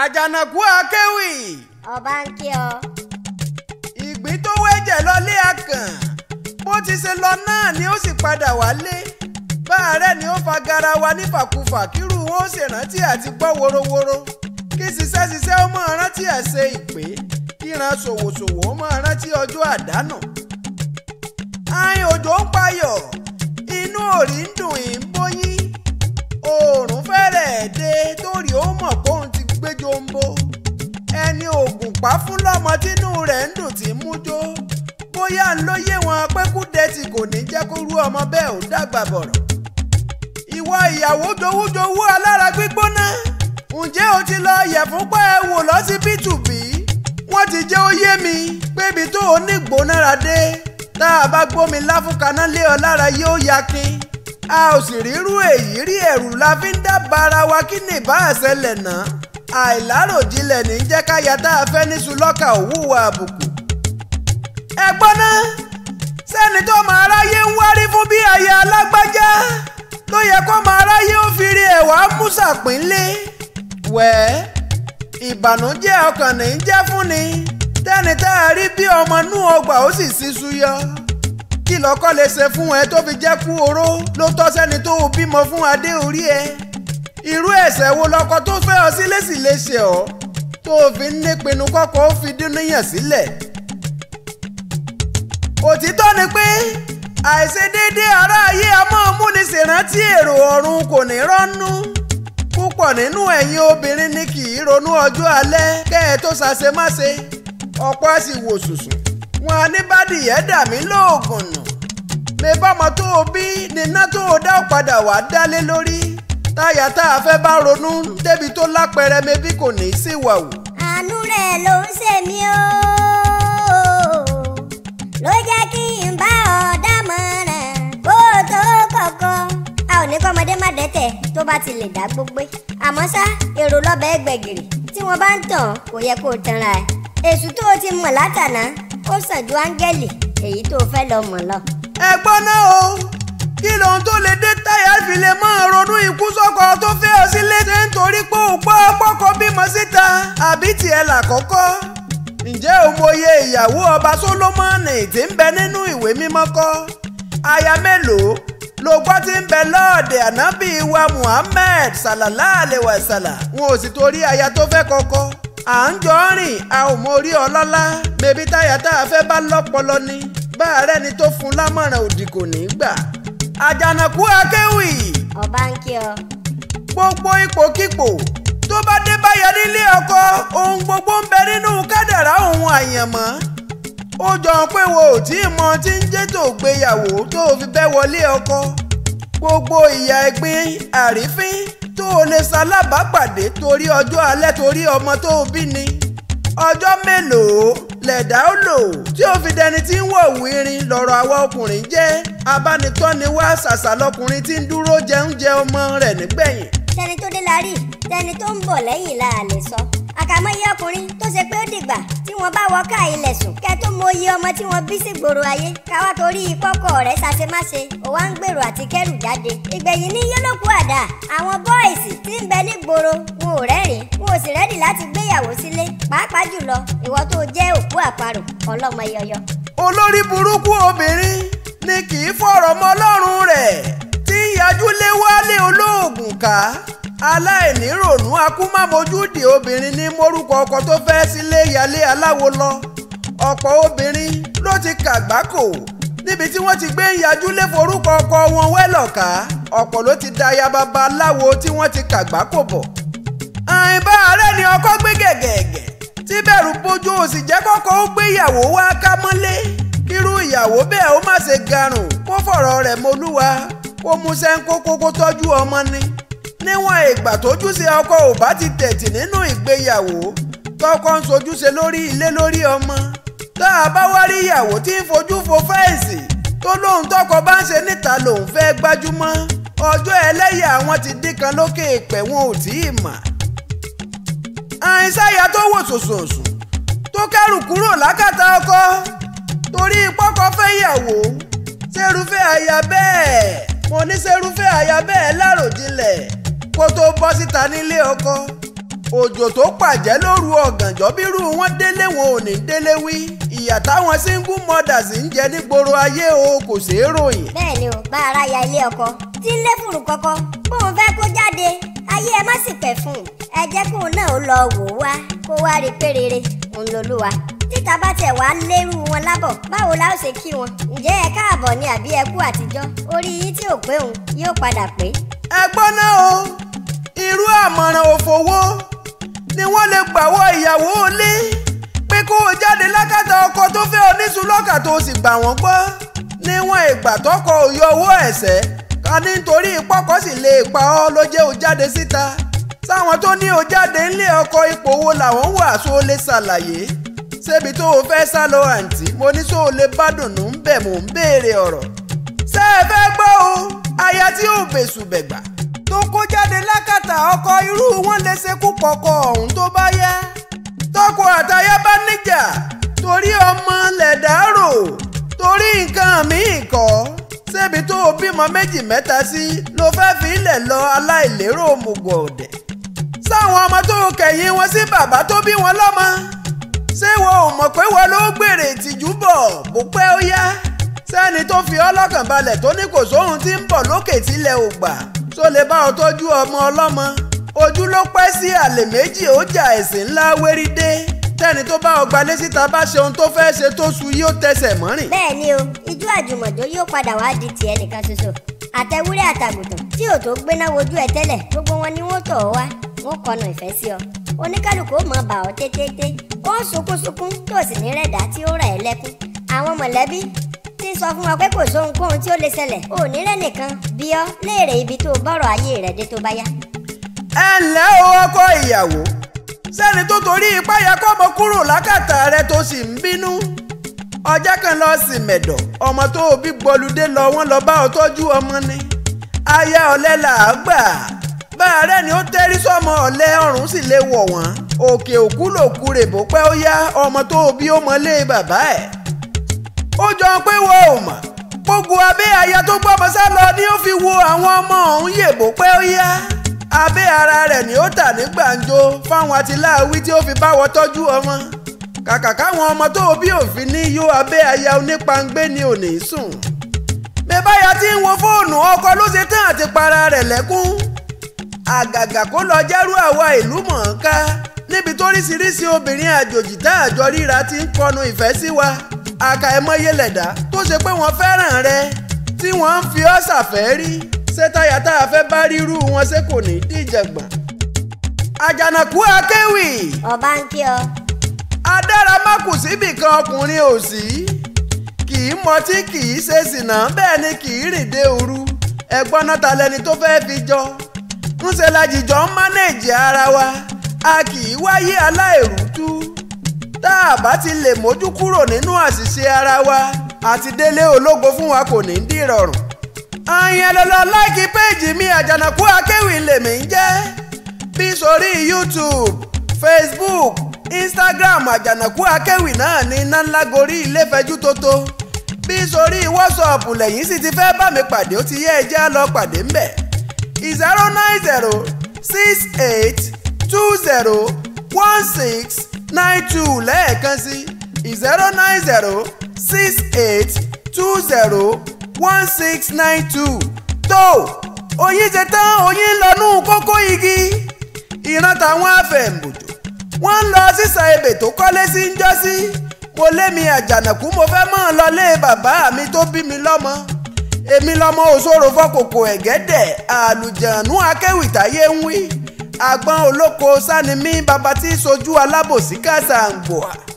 àjànàkú akéwì. ọba ń kí ọ. ìgbín tó wẹ́jẹ̀ lọlé akàn bó ti ṣe lọ náà ni ó sì padà wálé bá ni ó fa garawa nífàkúfà kírú wọn ó ṣèrántí àti gbọ́ worowóró kí ṣiṣẹ́ ṣiṣẹ́ ó máa rántí àṣẹ ìpè kíran ṣòwòṣòwò ó máa rántí ọjọ́ àdánù. ayin òjò ń payọ̀ inú òrì ń dùn ì ń bóyín oòrùn fẹ́rẹ̀ẹ́ dé torí ó mọ̀ pọ́n gbé jombo ẹni oògùn pa fún lọ́mọ tínú rẹ̀ ń dùn tí mú jó bóyá ń lóye wọn pẹ́kúdẹ́tì kò ní jẹ́ kó rú ọmọ bẹ́ẹ̀ ò dàgbà bọ̀rọ̀ ìwọ ìyàwó jowújowú alára gbígbóná ǹjẹ́ o ti lọ yẹ̀fun pẹ́ ẹ wò lọ́sibítù bí wọ́n ti jẹ́ ó yé mi pébi tó o ní gbónára dé tá a bá gbómi láfúnkaná lé ọ lára yóò yakin a ò sì rírú èyí rí ẹ̀rù la fi ń dábàá ara wa kí nìbá àṣẹlẹ̀ náà. àìláròjinlẹ̀ ní jẹ́ káyà tá a fẹ́ níṣu lọ́kà òwúwa àbùkù. ẹ gbọ́ná sẹ́ni tó máa ráyé ń wárí fún bí aya alágbájá ló yẹ kó máa ráyé ó fi rí ẹ̀wà mùsàpínlé. wẹ́ẹ́ ìbànújẹ́ ọkàn ní jẹ́ fún ni tẹ́ni tá a rí bí ọmọ inú ọgbà ó sì sísú yọ. kí lọ́kọ́ lè ṣe fún ẹ tó fi jẹ́ kú oró ló tọ́ sẹ́ni tó bímọ fún adé orí ẹ. irú ẹ̀ṣẹ̀ wo lọkọ tó fẹ́ ọ sílé sì lè ṣe ọ́ tó o fi ń nípinnu kọ́kọ́ ó fi dúníyàn sílẹ̀. òtítọ́ ni pé àìṣedéédé ará ayé amóhùnmúnisèrántí èrò ọ̀run kò ní rọ́nú púpọ̀ nínú obìnrin ni kì í ronú ọjọ́ alẹ́ kẹ́ ẹ tó ọ̀pọ̀ sì wò sùsùn wọn ní dà mí lóògùn nù ọmọ o bí tó o dá padà táyà tá a fẹ́ bá ronú débi tó lápẹẹrẹ mebí kò ní í sí wàwù. àánú rẹ̀ ló ń ṣe mí o ló jẹ́ kí n bá ọ̀dà mọ̀ràn kó o tó kọ̀kọ́. a ò ní kọ́mọdé má dẹ́tẹ̀ tó bá ti lè dá gbogbo àmọ́ ṣá èrò lọ́bẹ̀ ẹgbẹ̀gìrì tí wọ́n bá ń tàn kò yẹ kó o tanra ẹ̀. èṣù tó o ti mọ̀ látàná ó sàn ju áńgẹ́lì èyí tó o fẹ́ lọ mọ̀ lọ. ẹ gbọ́ náà o kí lóhun tó lè dé táyà fi lè máa ronú ikú sọ́kọ tó fẹ́ ọ sílé ṣé nítorí pé ò pọ́ pọ́kọ bímọ síta àbí tiẹ̀ làkọ́kọ́ ǹjẹ́ ò mọye ìyàwó ọba Sólómọ́nì ti ń bẹ nínú ìwé mímọ́ kọ́ aya mélòó ló gbọ́ tí ń bẹ lọ́ọ̀dẹ̀ ànábì wa Muhammad sallallahu alaihi Sala wọn ò sì torí aya tó fẹ́ kọ́kọ́ à ń jọ rìn a ò mọ orí ọlọ́lá bèbí táyà tá a fẹ́ bá lọ́pọlọ ni bá a rẹ́ni tó fún lámọ̀ràn òdì ní í gbà. ajanaku akéwì. ọba ń ọ. gbogbo ipòkípò tó bá dé báyọ̀ nílé ọkọ ohun gbogbo ń bẹ nínú kádàrá òun àyànmọ́ ó jọ pé wo ò tí ì mọ tí ń jẹ́ tó gbéyàwó tó fi bẹ́ wọlé ọkọ gbogbo ìyà ẹgbin àrífín tó o lè ṣalábàápàdé torí ọjọ́ alẹ́ torí ọmọ tó o bí ni ọjọ́ mélòó lẹ̀dá ó lò tí ó fi dẹni tí ń wọ̀ òwú irin lọ́rọ̀ àwa ọkùnrin jẹ́ abánitọ́ni wá ṣàṣà lọkùnrin tí ń dúró jẹun jẹ ọmọ rẹ̀ nígbẹ̀yìn. sẹ́ni tó dé la rí dẹni tó ń bọ̀ lẹ́yìn la lè sọ. àkàmọye ọkùnrin tó ṣe pé ó dìgbà tí wọ́n bá wọ ká ilẹ̀ sùn kẹ́ tó mọyì ọmọ tí wọ́n bí sí ayé káwá torí ìkọ́kọ̀ rẹ̀ ṣàṣemáṣe òwa ń gbèrò àti kẹ́rù jáde. ìgbẹ̀yìn ní yọ́lọ́kù àdá àwọn bọ́ìsì tí ń bẹ ní gbòòrò wọn ò rẹ́rìn wọn ò sì rẹ́dì láti gbéyàwó sílé pàápàá jùlọ aláìníròònú akúmọ̀mọ́júdì obìnrin ní mórúkọ ọkọ tó fẹ́ sílé ìyálé aláwo lọ ọ̀pọ̀ obìnrin ló ti kàgbákò níbi tí wọ́n ti gbé ń yajú lé forúkọ ọkọ wọn wẹ́lọ̀ká ọ̀pọ̀ ló ti da ya babaláwo tí wọ́n ti kàgbákò bọ̀ àìbá àárẹ̀ ni ọkọ gbé gẹ̀gẹ̀gẹ̀ tí bẹ̀rù bójú ò sì jẹ́ kọ́kọ́ ó gbé ìyàwó wá ká mọ́lé kírú ìyàwó bẹ́ẹ̀ ó má ṣe garùn kó fọ̀rọ̀ rẹ̀ mọ́lúwa kó mú sẹ́ńkó kókó tọ́jú ọmọ ni níwọ̀n ìgbà tójúṣe ọkọ ò bá ti tẹ̀tì nínú ìgbéyàwó tọkọ ń sojúṣe lórí ilé lórí ọmọ tá a bá wá rí ìyàwó tí ń fojú fo fẹ́ǹsì tó lóun tọkọ bá ń ṣe níta lòun fẹ́ gbájúmọ́ ọjọ́ ẹlẹ́yà àwọn ti dín kan lókè pẹ̀ wọn ò tí ì mà. àìsáyà tó wò sòsòsò tó kẹ́rù kúrò lákàtà ọkọ torí pọ́kọ fẹ́ ìyàwó ṣerúfẹ́ àyà bẹ́ẹ̀ mo ní ṣerúfẹ́ àyà bẹ́ẹ̀ láròjinlẹ̀ kó tó bọ́ síta nílé ọkọ òjò tó pàjẹ́ lóru ọ̀gànjọ́ bírú wọn délé wọn ò ní délé wí ìyà táwọn single mothers ń jẹ nígboro ayé o kò ṣeé ròyìn. bẹ́ẹ̀ni o bá ara ya ilé ọkọ tí ń lé fùrù kọkọ bóun fẹ́ kó jáde ayé ẹ má sì pẹ́ fún un ẹ jẹ́ kóun náà ó lọ wò wá kó wá rí pérére òun lolúwa títa bá tẹ̀ wá lérú wọn lábọ̀ báwo la ó ṣe kí wọn ǹjẹ́ ẹ káàbọ̀ ni àbí ẹ kú orí yìí tí ò pé òun yóò padà pé ẹgbọ́n náà o irú àmọ̀ràn òfòwò ni wọ́n lè gbàwọ́ ìyàwó ilé pé kó o jáde lákàtà ọkọ tó fẹ́ oníṣu lọ́kà tó sì gbà wọ́n gbọ́ níwọ̀n ìgbà tọkọ ò yọ owó ẹ̀sẹ̀ ká ní nítorí ìpọ́kọ́ sì lè pa ọ́ ló jẹ́ o jáde síta sáwọn tó ní o jáde ńlé ọkọ ipò wo làwọn wà só lè ṣàlàyé ṣébi tó o fẹ́ sá lọ àǹtí mo ní sóò lè bá dùnú ń bẹ̀ mò ń béèrè ọ̀rọ̀ ṣé ẹ fẹ́ gbọ́ o. apèsùbẹ̀gbà tó kó jáde lákàtà ọkọ irú wọn lè ṣekú pọkọ ọ̀hún tó bá yá tọkọ àtayá bá níjà torí ọmọ lẹ̀dárò torí nǹkan míì kọ́ ṣébi tó o bímọ méjì mẹ́ta sí ló fẹ́ fi ilẹ̀ lọ aláìlérò òmùgọ̀ ọ̀dẹ̀ sáwọn ọmọ tó kẹ̀yìn wọn sí bàbá tó bí wọn lọ́mọ ṣé wọn ò mọ̀ pé wọn ló gbèrè ìtìjú bọ̀ bó pẹ́ ó yá. sẹ́ni tó fi ọlọ́kàn balẹ̀ tó ní kò sóhun tí ń bọ̀ lókè tilẹ̀ ò gbà tó lè bá ọ tọ́jú ọmọ ọlọ́mọ ojú ló pẹ́ sí àlè méjì ó jà ẹ̀sìn ńlá wérí dé tẹ́ni tó bá ọgbà lé síta bá ṣe ohun tó fẹ́ ṣe tó su yóò tẹsẹ̀ mọ́rìn. bẹ́ẹ̀ ni o ijó àjùmọ̀jó yóò padà wá di tiẹ̀ nìkan ṣoṣo àtẹwúrẹ́ àtàgùtàn tí ò tó gbéná wojú ẹ tẹ́lẹ̀ gbogbo wọn ni wọ́n tọ̀ ọ́ wá wọ́n kọnu ìfẹ́ sí ọ oníkálukú ó mọ̀ bà ọ́ tétété kó sunkúnsunkún tó sì ní rẹ̀dá tí ó rà ẹ́ lẹ́kún àwọn mọ̀lẹ́bí ti ń sọ fún wa pé kò sóhunkóhun tí ó lè ṣẹlẹ̀ ò ní rẹ́ nìkan bí ọ́ léèrè ibi tó bọ́rọ̀ ayé rẹ̀ dé tó bá yá. ẹ ǹlẹ́ o ọkọ ìyàwó sẹ́ni tó torí ipá yẹ kó ọmọ kúrò lákàtà rẹ tó sì ń bínú ọjọ́ kan lọ sí mẹ̀dọ̀ ọmọ tó o bí gbọ́lùdé lọ wọ́n lọ bá ọ tọ́jú ọmọ ni aya ọ̀lẹ là á gbà báàrẹ̀ ni ó tẹ́rí sọ́mọ ọ̀lẹ ọ̀run sì lè wọ̀ wọ́n òkè òkú lòkú rèbó pẹ́ ó yá ọmọ tó o bí ó mọ lé bàbá ẹ̀ ó jọ pé wọn ò mọ̀ gbogbo abẹ́ aya tó gbọ́mọ sá lọ ni ó fi wo àwọn ọmọ ọ̀hún yèbó pé ó yá abẹ́ ara rẹ̀ ni ó tà ní gbàǹjo fáwọn atiláàwí tí ó fi báwọ tọ́jú ọmọ kàkà káwọn ọmọ tó bí òfin ní yó abẹ́ aya onípangbé ni ò ní sùn bẹ́báyà tí ń wo fóònù ọkọ ló ṣe tán àti para rẹ̀ lẹ́kún àgàgà kó lọ jẹ́rú àwa ìlú mọ̀ọ́ká níbi tó ríṣiríṣi obìnrin àjòjì tá àjọ ríra ti ń kọnu ìfẹ́ sí wa àkàìmọye lẹ̀dá tó ṣe pé wọ́n fẹ́ràn rẹ tí wọ́n ń fi ọ́ ṣàfẹ́rí ṣé táyà tá a fẹ́ bá rírú wọn ṣé kò ní díjẹ̀gbọ̀n. àjànàkú akéwì. ọba ń kí ọ. adára má kù síbì kan ọkùnrin ò sí kì í mọtí kì í ṣe sìnà bẹ́ẹ̀ ni kì í rìn dé òru ẹ̀gbọ́n náà ta lẹni tó fẹ́ fi jọ ńṣe la jìjọ ń mánéèjì ara wa a kì í wáyé aláìrútú a bá ti lè mójú kúrò nínú àṣìṣe ara wa àti délé ológo fún wa kò ní dìrọ̀rùn. àyìn ẹlọlọ láìkí péèjì mi àjànàkú akéwì lèmi ń jẹ́ bí sórí YouTube Facebook Instagram àjànàkú akéwì náà ní nánlágorí ilé fẹjú tótó bí sórí WhatsApp lẹ́yìn sì ti fẹ́ bá mi pàdé ó ti yẹ ẹ jẹ́ lọ pàdé ńbẹ̀ zero nine zero six eight two zero one six nine two lẹ́ẹ̀kan sí zero nine zero six eight two zero one six nine two tó oyin ṣe tán oyin lọ́nù kókó igi ìran táwọn afẹ́ǹbòjò wọ́n ń lọ sísan ebè tó kọ́lé sí ń jọ́sí mo lémi àjànàkú mo fẹ́ mọ̀ ọ́n lọlé bàbá mi tó bí mi lọ́mọ èmi lọ́mọ òṣòro fọkòkò ẹ̀gẹ́dẹ̀ àlùjànú akéwìtáyé ń wí àgbọn olóko sani mi bàbá tí sojú alábòsí kásà ń gbòà.